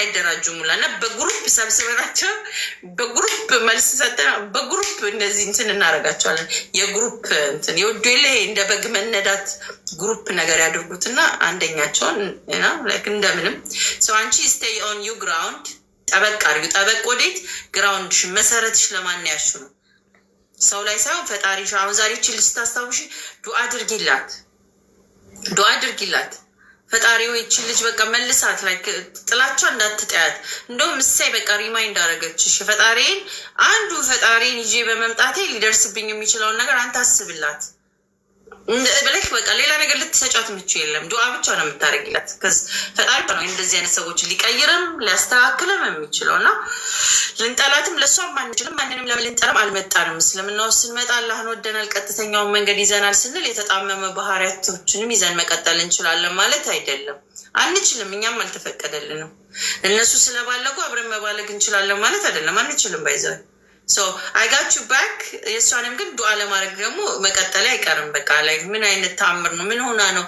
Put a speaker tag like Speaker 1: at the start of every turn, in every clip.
Speaker 1: አይደራጁም ሙላ እና በግሩፕ ሰብስበናቸው በግሩፕ መልስ ሰጠ። በግሩፕ እነዚህ እንትን እናደርጋቸዋለን። የግሩፕ እንትን የወዱ የለ እንደ በግ መነዳት ግሩፕ ነገር ያድርጉትና አንደኛቸውን እንደምንም ሰው አንቺ ስቴይ ኦን ዩ ግራውንድ ጠበቅ አድርጊ። ጠበቅ ወዴት ግራውንድሽ መሰረትሽ ለማን ያሹ ነው ሰው ላይ ሳይሆን ፈጣሪሽ። አሁን ዛሬ ችል ስታስታውሽ ዱአ አድርጊላት፣ ዱአ አድርጊላት። ፈጣሪው ይችን ልጅ በቃ መልሳት ላይ ጥላቻ እንዳትጠያት። እንደውም እሳይ በቃ ሪማይንድ አደረገችሽ። ፈጣሪን አንዱ ፈጣሪን ይዤ በመምጣቴ ሊደርስብኝ የሚችለውን ነገር አንተ አስብላት። ብለሽ በቃ ሌላ ነገር ልትሰጫት ምቹ የለም። ዱዓ ብቻ ነው የምታደርግላት። ፈጣሪ ነው እንደዚህ አይነት ሰዎች ሊቀይርም ሊያስተካክልም የሚችለው እና ልንጠላትም ለእሷም አንችልም። ማንንም ለምልንጠላም አልመጣንም። እስልምና ስንመጣ አላህን ወደናል፣ ቀጥተኛውን መንገድ ይዘናል ስንል የተጣመመ ባህሪያቶችንም ይዘን መቀጠል እንችላለን ማለት አይደለም። አንችልም፣ እኛም አልተፈቀደልንም። እነሱ ስለባለጉ አብረን መባለግ እንችላለን ማለት አይደለም። አንችልም ባይዘን አይጋችሁ ባክ የእሷንም ግን ዱዓ ለማድረግ ደግሞ መቀጠል አይቀርም። በቃ ላይ ምን አይነት ታምር ነው? ምን ሆና ነው?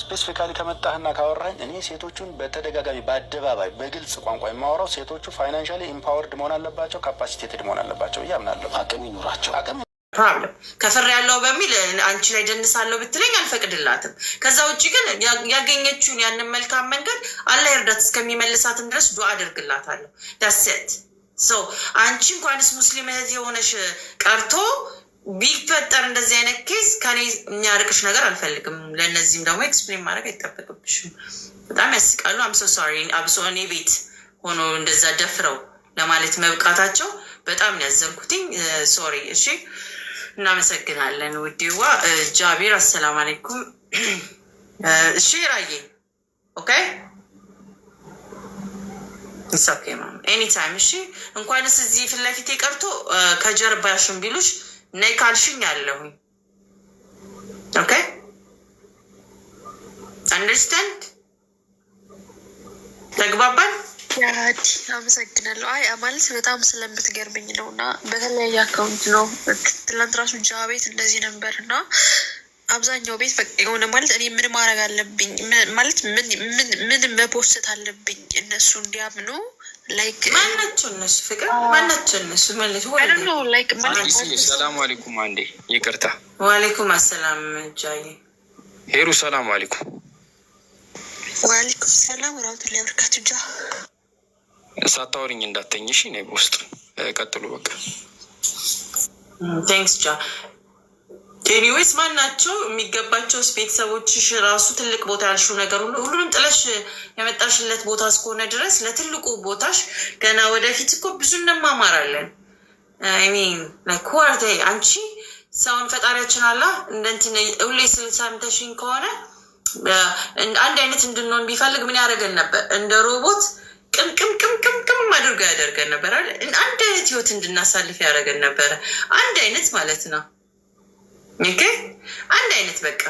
Speaker 2: ስፔሲፊካሊ ከመጣህና ካወራኝ እኔ ሴቶቹን በተደጋጋሚ በአደባባይ በግልጽ ቋንቋ የማወራው ሴቶቹ ፋይናንሻሊ ኢምፓወርድ መሆን አለባቸው፣ ካፓሲቴትድ መሆን አለባቸው እያምናለሁ። አቅም ይኑራቸው።
Speaker 1: ፕሮብለም ከፍር ያለው በሚል አንቺ ላይ ደንሳለሁ ብትለኝ አልፈቅድላትም። ከዛ ውጭ ግን ያገኘችውን ያንን መልካም መንገድ አላህ ይርዳት እስከሚመልሳትም ድረስ ዱዓ አድርግላታለሁ። ዳሴት ሰው አንቺ እንኳንስ ሙስሊም እህት የሆነሽ ቀርቶ ቢፈጠር እንደዚህ አይነት ኬስ ከኔ የሚያርቅሽ ነገር አልፈልግም። ለእነዚህም ደግሞ ኤክስፕሌን ማድረግ አይጠበቅብሽም። በጣም ያስቃሉ። አምሶ ሶሪ አብሶ እኔ ቤት ሆኖ እንደዛ ደፍረው ለማለት መብቃታቸው በጣም ያዘንኩትኝ። ሶሪ። እሺ፣ እናመሰግናለን ውዴዋ ጃቢር። አሰላም አለይኩም። እሺ ራዬ ኦኬ ኤኒታይም እሺ። እንኳንስ እዚህ ፊት ለፊት የቀርቶ ከጀርባሽን ቢሉሽ ነይ ካልሽኝ አለሁኝ። ኦኬ አንደርስታንድ ተግባባል።
Speaker 3: አመሰግናለሁ። አይ ማለት በጣም ስለምትገርመኝ ነው እና በተለያየ አካውንት ነው ትላንት ራሱ ጃቤት እንደዚህ ነበር እና አብዛኛው ቤት የሆነ ማለት እኔ ምን ማድረግ አለብኝ ማለት ምን መፖስት አለብኝ እነሱ እንዲያምኑ ላይክ
Speaker 1: ማናቸው እነሱ ፍቅር ማናቸው እነሱ
Speaker 3: ላይክ
Speaker 4: ሰላም አለይኩም አንዴ ይቅርታ
Speaker 1: ዋሌኩም አሰላም ጃዬ
Speaker 4: ሄሩ ሰላም አለይኩም
Speaker 3: ዋሌኩም ሰላም ራቱ ሊያበርካቱ ጃ
Speaker 4: ሳታወሪኝ እንዳተኝሽ ነ ውስጥ ቀጥሉ በቃ
Speaker 1: ቴንክስ ጃ ኤኒዌይስ ማናቸው የሚገባቸው ቤተሰቦችሽ ራሱ ትልቅ ቦታ ያልሽው ነገር ሁሉ ሁሉንም ጥለሽ የመጣሽለት ቦታ እስከሆነ ድረስ ለትልቁ ቦታሽ ገና ወደፊት እኮ ብዙ እንማማራለን። ኮርቴ አንቺ ሰውን ፈጣሪያችን አላ እንደንትን ሁሌ ስልሳምተሽኝ ከሆነ አንድ አይነት እንድንሆን ቢፈልግ ምን ያደርገን ነበር? እንደ ሮቦት ቅምቅምቅምቅምቅም አድርጎ ያደርገን ነበር። አንድ አይነት ህይወት እንድናሳልፍ ያደረገን ነበረ። አንድ አይነት ማለት ነው ይህ አንድ አይነት በቃ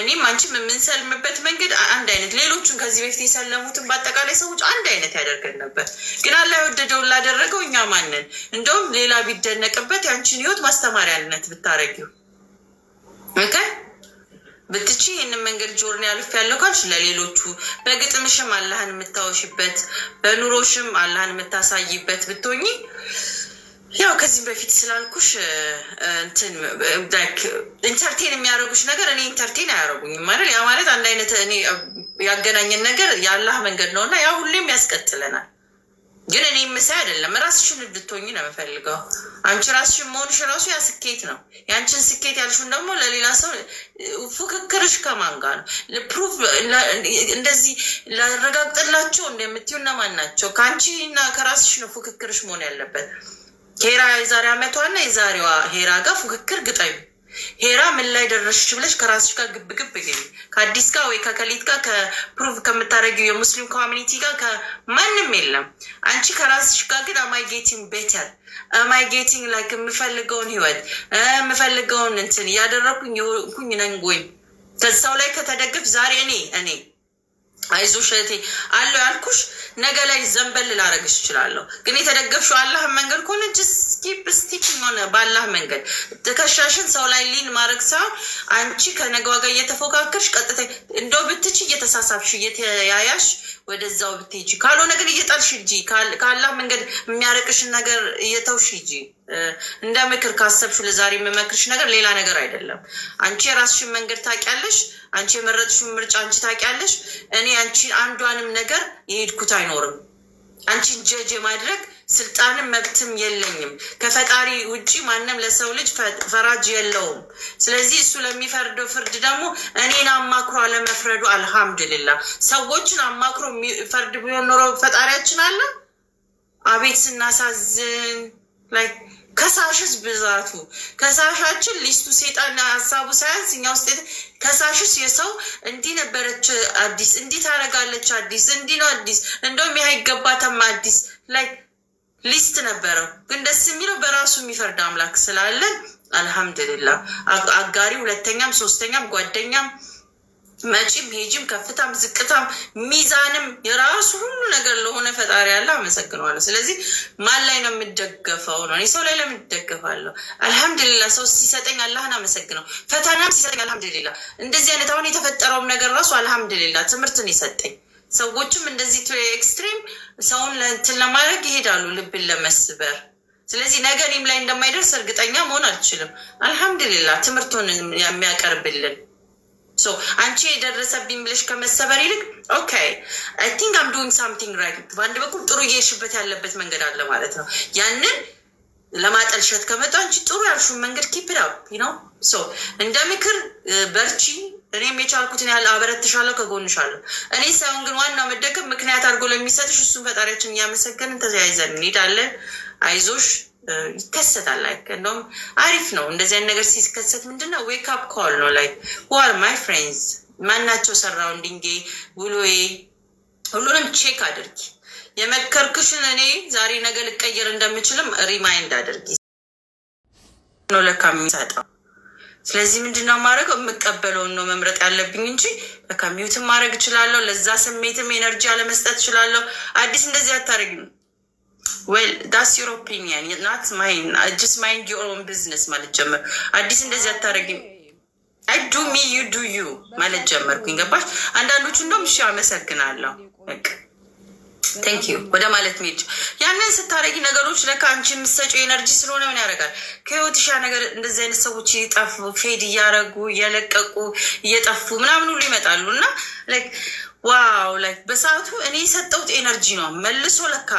Speaker 1: እኔም አንቺም የምንሰልምበት መንገድ አንድ አይነት፣ ሌሎቹን ከዚህ በፊት የሰለሙትን በአጠቃላይ ሰዎች አንድ አይነት ያደርገን ነበር። ግን አላህ የወደደውን ላደረገው እኛ ማንን እንደውም ሌላ ቢደነቅበት ያንቺን ህይወት ማስተማሪያነት ብታረጊው በቃ ብትቺ ይህንን መንገድ ጆርን ያልፍ ያለው ካልሽ ለሌሎቹ በግጥምሽም አላህን የምታወሽበት በኑሮሽም አላህን የምታሳይበት ብትሆኚ ከዚህም በፊት ስላልኩሽ እንትን ኢንተርቴን የሚያደርጉሽ ነገር እኔ ኢንተርቴን አያደርጉኝም ማለት ያ ማለት አንድ አይነት እኔ ያገናኘን ነገር የአላህ መንገድ ነው እና ያ ሁሌም ያስቀጥለናል። ግን እኔ የምሳይ አይደለም፣ ራስሽን እንድትሆኝ ነው የምፈልገው። አንቺ ራስሽን መሆንሽ ራሱ ያ ስኬት ነው። ያንቺን ስኬት ያልሽውን ደግሞ ለሌላ ሰው ፉክክርሽ ከማን ጋር ነው? ፕሩፍ እንደዚህ ላረጋግጥላቸው እንደምትዩ እነማን ናቸው? ከአንቺ እና ከራስሽ ነው ፉክክርሽ መሆን ያለበት። ሄራ የዛሬ አመቷና የዛሬዋ ሄራ ጋር ፉክክር ግጠዩ። ሄራ ምን ላይ ደረሽች ብለሽ ከራስሽ ጋር ግብ ግብ ገቢ ከአዲስ ጋር ወይ ከከሊት ጋር ከፕሩቭ ከምታደረጊው የሙስሊም ኮሚኒቲ ጋር ከማንም የለም። አንቺ ከራስሽ ጋር ግን አማይ ጌቲንግ ቤተር አማይ ጌቲንግ ላይክ የምፈልገውን ህይወት የምፈልገውን እንትን እያደረግኩኝ ኩኝ ነንጎኝ ከዛው ላይ ከተደግፍ ዛሬ እኔ እኔ አይዞሽ እህቴ አለው ያልኩሽ ነገ ላይ ዘንበል ላረግሽ እችላለሁ። ግን የተደገፍሽው አላህ መንገድ ከሆነ ጅስኪፕ ስቲክ ሆነ በአላህ መንገድ ትከሻሽን ሰው ላይ ሊን ማድረግ ሳይሆን አንቺ ከነገ ዋጋ እየተፎካከርሽ ቀጥታ እንደው ብትች እየተሳሳብሽ እየተያያሽ ወደዛው ብትሄጂ፣ ካልሆነ ግን እየጠልሽ እጂ ከአላህ መንገድ የሚያረቅሽን ነገር እየተውሽ እጂ። እንደ ምክር ካሰብሽ ለዛሬ የምመክርሽ ነገር ሌላ ነገር አይደለም። አንቺ የራስሽን መንገድ ታውቂያለሽ። አንቺ የመረጥሽውን ምርጫ አንቺ ታውቂያለሽ። እኔ አንቺ አንዷንም ነገር የሄድኩት አይኖርም። አንቺን ጀጅ የማድረግ ስልጣንም መብትም የለኝም። ከፈጣሪ ውጪ ማንም ለሰው ልጅ ፈራጅ የለውም። ስለዚህ እሱ ለሚፈርደው ፍርድ ደግሞ እኔን አማክሮ አለመፍረዱ አልሐምድልላ። ሰዎችን አማክሮ ፈርድ ቢሆን ኖሮ ፈጣሪያችን አለ። አቤት ስናሳዝን ላይ ከሳሽስ ብዛቱ ከሳሻችን ሊስቱ ሴጣንና ሀሳቡ ሳያንስ እኛ ውስጥ ከሳሽስ የሰው እንዲህ ነበረች አዲስ እንዲህ ታደርጋለች አዲስ እንዲህ ነው አዲስ እንደውም ይህ ይገባተም አዲስ ላይ ሊስት ነበረው። ግን ደስ የሚለው በራሱ የሚፈርድ አምላክ ስላለን አልሐምድሊላህ አጋሪ ሁለተኛም ሶስተኛም ጓደኛም መቼም ሄጅም ከፍታም ዝቅታም ሚዛንም የራሱ ሁሉ ነገር ለሆነ ፈጣሪ ያለ አመሰግነዋለሁ። ስለዚህ ማን ላይ ነው የምደገፈው? ነው ሰው ላይ ለምደገፋለሁ። አልሐምዱሊላ ሰው ሲሰጠኝ አላህን አመሰግነው፣ ፈተናም ሲሰጠኝ አልሐምዱሊላ። እንደዚህ አይነት አሁን የተፈጠረውም ነገር ራሱ አልሐምዱሊላ ትምህርትን የሰጠኝ ሰዎችም እንደዚህ ኤክስትሪም ሰውን ለእንትን ለማድረግ ይሄዳሉ፣ ልብን ለመስበር ስለዚህ ነገ እኔም ላይ እንደማይደርስ እርግጠኛ መሆን አልችልም። አልሐምዱሊላ ትምህርቱን የሚያቀርብልን ሶ አንቺ የደረሰብኝ ብለሽ ከመሰበር ይልቅ ኦኬ አይ ቲንክ አም ዱንግ ሳምቲንግ ራይት፣ በአንድ በኩል ጥሩ እየሄድሽበት ያለበት መንገድ አለ ማለት ነው። ያንን ለማጠልሸት ከመጣ አንቺ ጥሩ ያልሽውን መንገድ ኪፕ ኢት አፕ ነው። ሶ እንደ ምክር በርቺ። እኔም የቻልኩትን ያህል አበረትሻለሁ፣ ከጎንሻለሁ። እኔ ሳይሆን ግን ዋናው መደገፍ ምክንያት አድርጎ ለሚሰጥሽ እሱን ፈጣሪያችን እያመሰገንን ተያይዘን እንሄዳለን። አይዞሽ ይከሰታል። ላይክ እንደውም አሪፍ ነው እንደዚህ አይነት ነገር ሲከሰት ምንድነው ዌክ አፕ ኮል ነው። ላይክ ዋር ማይ ፍሬንድስ ማናቸው ሰራውንዲንጌ፣ ውሎዬ፣ ሁሉንም ቼክ አድርጊ። የመከርክሽን እኔ ዛሬ ነገ ልቀየር እንደምችልም ሪማይንድ አድርጊ ነው ለካ የሚሰጠው። ስለዚህ ምንድነው ማድረገው? የምቀበለውን ነው መምረጥ ያለብኝ እንጂ ለካ ሚዩትም ማድረግ እችላለሁ። ለዛ ስሜትም ኤነርጂ አለመስጠት እችላለሁ። አዲስ እንደዚህ አታደርጊ ዌል ዳስ ዩር ኦፒኒየን ናት ማይን ጅስ ማይንድ ዩር ኦን ቢዝነስ ማለት ጀመር። አዲስ እንደዚህ አታደርጊም። አይ ዱ ሚ ዩ ዱ ዩ ማለት ጀመርኩኝ። ገባሽ? አንዳንዶቹ እንደውም እሺ አመሰግናለሁ በቃ ቴንክ ዩ ወደ ማለት ሚሄድ ያንን ስታረጊ ነገሮች ለካ አንቺ የምትሰጪው ኤነርጂ ስለሆነ ምን ያደርጋል ከህይወትሻ ነገር እንደዚህ አይነት ሰዎች እየጠፉ ፌድ እያረጉ እየለቀቁ እየጠፉ ምናምን ሁሉ ይመጣሉ እና ዋው ላይ በሰዓቱ እኔ የሰጠሁት ኤነርጂ ነው መልሶ ለካ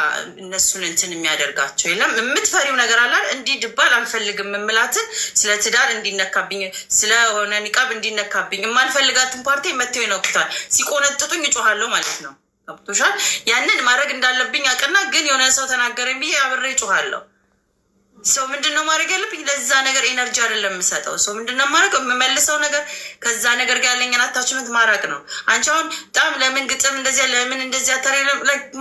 Speaker 1: እነሱን እንትን የሚያደርጋቸው የለም። የምትፈሪው ነገር አላል እንዲህ ድባል አልፈልግም የምላትን ስለ ትዳር እንዲነካብኝ ስለሆነ ኒቃብ እንዲነካብኝ የማልፈልጋትን ፓርቲ መተው ይነኩታል። ሲቆነጥጡኝ እጮሃለሁ ማለት ነው። ገብቶሻል? ያንን ማድረግ እንዳለብኝ አቅና ግን የሆነ ሰው ተናገረኝ ብዬ አብሬ እጮኻለሁ። ሰው ምንድን ነው ማድረግ ያለብኝ? ለዛ ነገር ኤነርጂ አይደለም የምሰጠው። ሰው ምንድን ነው ማድረግ የምመልሰው ነገር ከዛ ነገር ጋር ያለኝን አታችመት ማራቅ ነው። አንቺ አሁን በጣም ለምን ግጥም እንደዚያ ለምን እንደዚያ ተሬ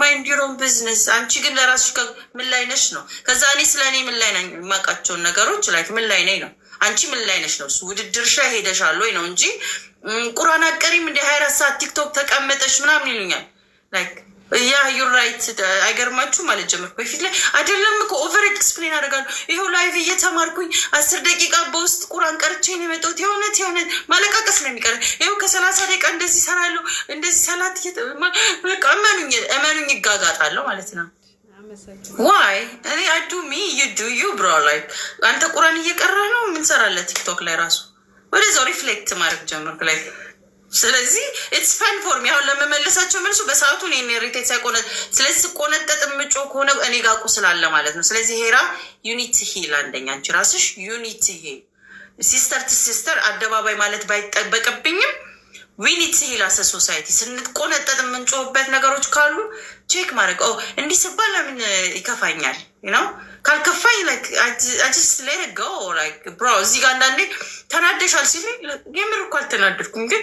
Speaker 1: ማይንድ ዩሮን ቢዝነስ። አንቺ ግን ለራስሽ ምን ላይ ነሽ ነው። ከዛ እኔ ስለ እኔ ምን ላይ ነኝ የማውቃቸውን ነገሮች ላይ ምን ላይ ነኝ ነው። አንቺ ምን ላይ ነሽ ነው። እሱ ውድድርሽ ሄደሻል ወይ ነው እንጂ ቁራን አቀሪም እንደ ሀያ አራት ሰዓት ቲክቶክ ተቀመጠች ምናምን ይሉኛል ያ ዩር ራይት አይገርማችሁ ማለት ጀመርኩ። በፊት ላይ አይደለም እኮ ኦቨር ኤክስፕሌን አደርጋለሁ። ይኸው ላይቭ እየተማርኩኝ አስር ደቂቃ በውስጥ ቁራን ቀርቼን የመጣሁት የእውነት የእውነት ማለቃቀስ ነው የሚቀረ። ይኸው ከሰላሳ ደቂቃ እንደዚህ ሰራለሁ እንደዚህ ሰላት እመኑኝ፣ እመኑኝ ይጋጋጣለሁ ማለት ነው። ዋይ እኔ አዱ ሚ ዩ ዱ ዩ ብሮ ላይ አንተ ቁራን እየቀረ ነው የምንሰራለ ቲክቶክ ላይ ራሱ ወደዛው ሪፍሌክት ማድረግ ጀመርክ ላይ ስለዚህ ኢትስ ፈን ፎር ሚ አሁን ለመመለሳቸው መልሱ በሰዓቱ እኔን ሪቴት ሳይቆነ ስለዚህ ስቆነጠጥ ምጮ ከሆነ እኔ ጋር ቁስል ማለት ነው። ስለዚህ ሄራ ዩኒት ሂል አንደኛ አንቺ ራስሽ ዩኒት ሂል ሲስተር ት ሲስተር አደባባይ ማለት ባይጠበቅብኝም ዊኒት ሂል አሰ ሶሳይቲ ስንቆነጠጥ የምንጮህበት ነገሮች ካሉ ቼክ ማድረግ እንዲህ ስባል ለምን ይከፋኛል ነው ካልከፋኝ አዲስ ላይ ብሮ እዚህ ጋር አንዳንዴ ተናደሻል ሲል የምር እኮ አልተናደድኩም፣ ግን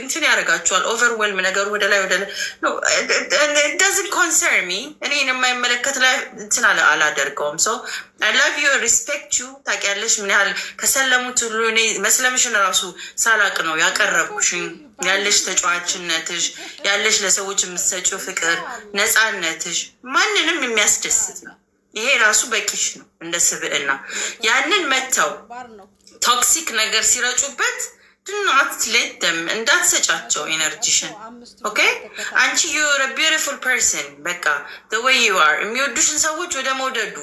Speaker 1: እንትን ያደርጋቸዋል። ኦቨርዌልም ነገሩ ወደ ላይ ወደ ላይ ዳዝን ኮንሰርን ሚ እኔን የማይመለከት ላይ እንትን አላደርገውም። ሰው አይ ላቭ ዩ ሪስፔክት ዩ ታውቂያለሽ፣ ምን ያህል ከሰለሙት ሁሉ እኔ መስለምሽን ራሱ ሳላቅ ነው ያቀረብኩሽ። ያለሽ ተጫዋችነትሽ፣ ያለሽ ለሰዎች የምትሰጪው ፍቅር፣ ነፃነትሽ ማንንም የሚያስደስት ነው። ይሄ ራሱ በቂሽ ነው እንደ ስብዕና። ያንን መተው ቶክሲክ ነገር ሲረጩበት ድናት ሌት ደም እንዳትሰጫቸው ኢነርጂሽን። ኦኬ አንቺ ዩር ቢዩቲፉል ፐርሰን በቃ ወይ ዩ አር የሚወዱሽን ሰዎች ወደ መውደዱ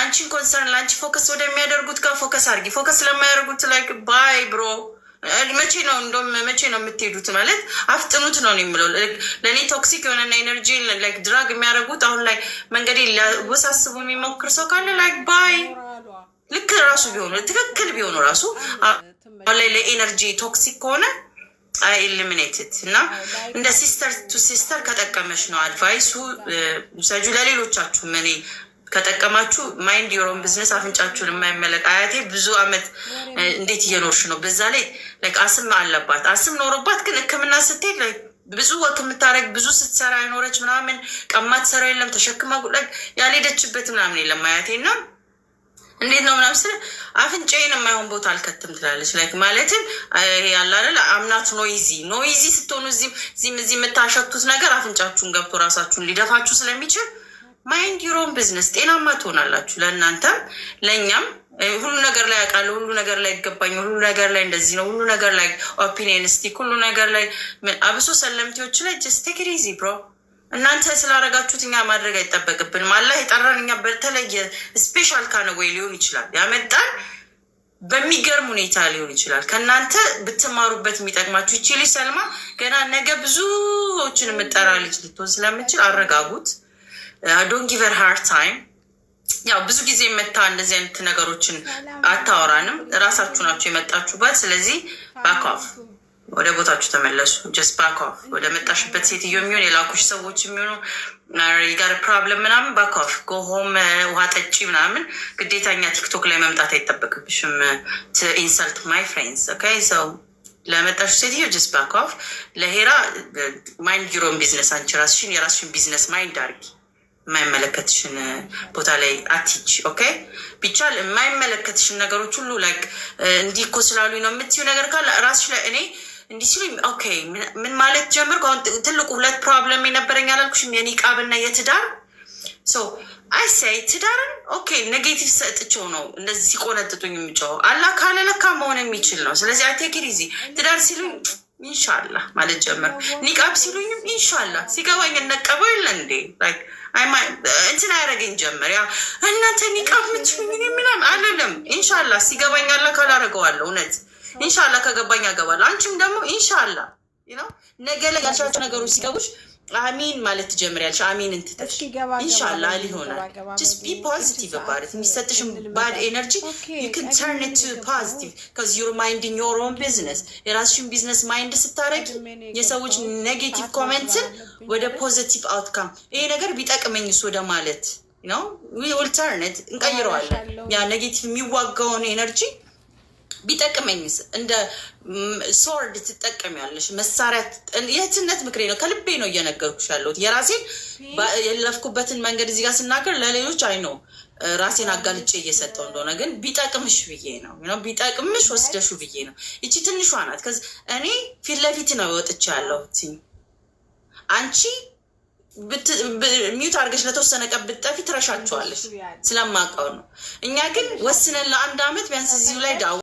Speaker 1: አንቺን ኮንሰርን ለአንቺ ፎከስ ወደሚያደርጉት ጋር ፎከስ አድርጊ። ፎከስ ለማያደርጉት ላይ ባይ ብሮ መቼ ነው እንደውም መቼ ነው የምትሄዱት? ማለት አፍጥኑት ነው የምለው። ለእኔ ቶክሲክ የሆነና ኤነርጂ ድራግ የሚያደርጉት አሁን ላይ መንገዴ ሊያወሳስቡ የሚሞክር ሰው ካለ ላይክ ባይ ልክ ራሱ ቢሆኑ ትክክል ቢሆኑ ራሱ አሁን ላይ ለኤነርጂ ቶክሲክ ከሆነ ኤሊሚኔትድ እና እንደ ሲስተር ቱ ሲስተር ከጠቀመች ነው አድቫይሱ ውሰጁ። ለሌሎቻችሁ እኔ ከጠቀማችሁ ማይንድ የሮን ቢዝነስ አፍንጫችሁን የማይመለቅ አያቴ ብዙ አመት እንዴት እየኖርሽ ነው? በዛ ላይ አስም አለባት አስም ኖሮባት ግን ህክምና ስትሄድ ብዙ ወክ የምታደርግ ብዙ ስትሰራ አይኖረች ምናምን ቀማት ሰራ የለም ተሸክማ ጉዳይ ያልሄደችበት ምናምን የለም አያቴ ና እንዴት ነው ምናምን ስለ አፍንጫዬን የማይሆን ቦታ አልከትም ትላለች። ላይክ ማለትም ያላለ አምናት ኖይዚ ኖይዚ ስትሆኑ እዚህም እዚህም እዚህ የምታሸቱት ነገር አፍንጫችሁን ገብቶ ራሳችሁን ሊደፋችሁ ስለሚችል ማይንድ ዩሮን ቢዝነስ ጤናማ ትሆናላችሁ። ለእናንተም ለእኛም ሁሉ ነገር ላይ ያውቃለሁ፣ ሁሉ ነገር ላይ ይገባኝ፣ ሁሉ ነገር ላይ እንደዚህ ነው፣ ሁሉ ነገር ላይ ኦፒኒየንስቲክ፣ ሁሉ ነገር ላይ አብሶ ሰለምቴዎች ላይ ጀስት ቴክ ኢት ኢዚ ብሮ። እናንተ ስላደረጋችሁት እኛ ማድረግ አይጠበቅብንም። አላህ የጠራን እኛ በተለየ ስፔሻል ካነ ሊሆን ይችላል ያመጣን በሚገርም ሁኔታ ሊሆን ይችላል። ከእናንተ ብትማሩበት የሚጠቅማችሁ ይችል ሰልማ ገና ነገ ብዙዎችን የምጠራ ልጅ ልትሆን ስለምችል አረጋጉት። ዶንት ጊቨር ሃር ታይም። ያው ብዙ ጊዜ መታ እንደዚህ አይነት ነገሮችን አታወራንም። እራሳችሁ ናችሁ የመጣችሁበት። ስለዚህ ባክፍ ወደ ቦታችሁ ተመለሱ። ጀስት ባክፍ ወደ መጣሽበት። ሴትዮ የሚሆን የላኩሽ ሰዎች የሚሆኑ ጋር ፕሮብለም ምናምን ባክፍ ጎሆም uh, ውሃ ጠጪ ምናምን። ግዴታኛ ቲክቶክ ላይ መምጣት አይጠበቅብሽም። ኢንሰልት ማይ ፍሬንድስ ኦኬ ሰው ለመጣሽ ሴትዮ ጀስት ባክፍ። ለሄራ ማይንድ ዩሮን ቢዝነስ አንቺ ራስሽን የራስሽን ቢዝነስ ማይንድ አርጊ። የማይመለከትሽን ቦታ ላይ አትሂጂ። ኦኬ ቢቻል የማይመለከትሽን ነገሮች ሁሉ ላይክ እንዲህ እኮ ስላሉኝ ነው የምትዩ ነገር ካለ ራስሽ ላይ እኔ እንዲህ ሲሉኝ ኦኬ ምን ማለት ጀምር። አሁን ትልቁ ሁለት ፕሮብለም የነበረኝ አላልኩሽም? የኒቃብና የትዳር ሶ አይሳይ ትዳርን ኦኬ ኔጌቲቭ ሰጥቸው ነው እንደዚህ ሲቆነጥጡኝ የምጨው አላ ካለ ለካ መሆን የሚችል ነው። ስለዚህ አቴክድ ዚ ትዳር ሲሉኝ ኢንሻላ ማለት ጀምር። ኒቃብ ሲሉኝም ኢንሻላ ሲገባኝ እነቀበው የለ እንዴ ላይክ እንትን አያደረገኝ ጀምር ያ እናንተ ኒቃብ ምች ምናምን አለለም። ኢንሻላ ሲገባኝ አላ እውነት ኢንሻላ ከገባኝ አገባለሁ። አንቺም ደግሞ ኢንሻላ ነገ ላይ ያልሻቸው ነገሮች ሲገቡሽ አሚን ማለት ትጀምሪያለሽ። አሚን እንትተሽ ኢንሻላህ ሊሆናል። ጀስት ቢ ፖዚቲቭ አባውት የሚሰጥሽም ባድ ኤነርጂ ዩ ካን ተርን ኢት ቱ ፖዚቲቭ ካዝ ዩር ማይንዲንግ ዮር ኦን ቢዝነስ። የራስሽን ቢዝነስ ማይንድ ስታረጊ የሰዎች ኔጌቲቭ ኮመንትን ወደ ፖዚቲቭ አውትካም ይሄ ነገር ቢጠቅመኝስ ወደ ማለት ነው ዊል ተርን እንቀይረዋለን። ያ ኔጌቲቭ የሚዋጋውን ኤነርጂ ቢጠቅመኝስ እንደ ሶርድ ትጠቀሚያለሽ፣ መሳሪያ። የእህትነት ምክሬ ነው፣ ከልቤ ነው እየነገርኩሽ ያለሁት። የራሴን የለፍኩበትን መንገድ እዚህ ጋር ስናገር ለሌሎች አይ ነው ራሴን አጋልጬ እየሰጠው እንደሆነ፣ ግን ቢጠቅምሽ ብዬ ነው ቢጠቅምሽ ወስደሹ ብዬ ነው። ይቺ ትንሿ ናት። ከዚ እኔ ፊት ለፊት ነው ወጥቼ ያለሁት። አንቺ ሚዩት አድርገሽ ለተወሰነ ቀን ብትጠፊ ትረሻቸዋለሽ፣ ስለማውቀው ነው። እኛ ግን ወስነን ለአንድ አመት ቢያንስ እዚሁ ላይ ዳ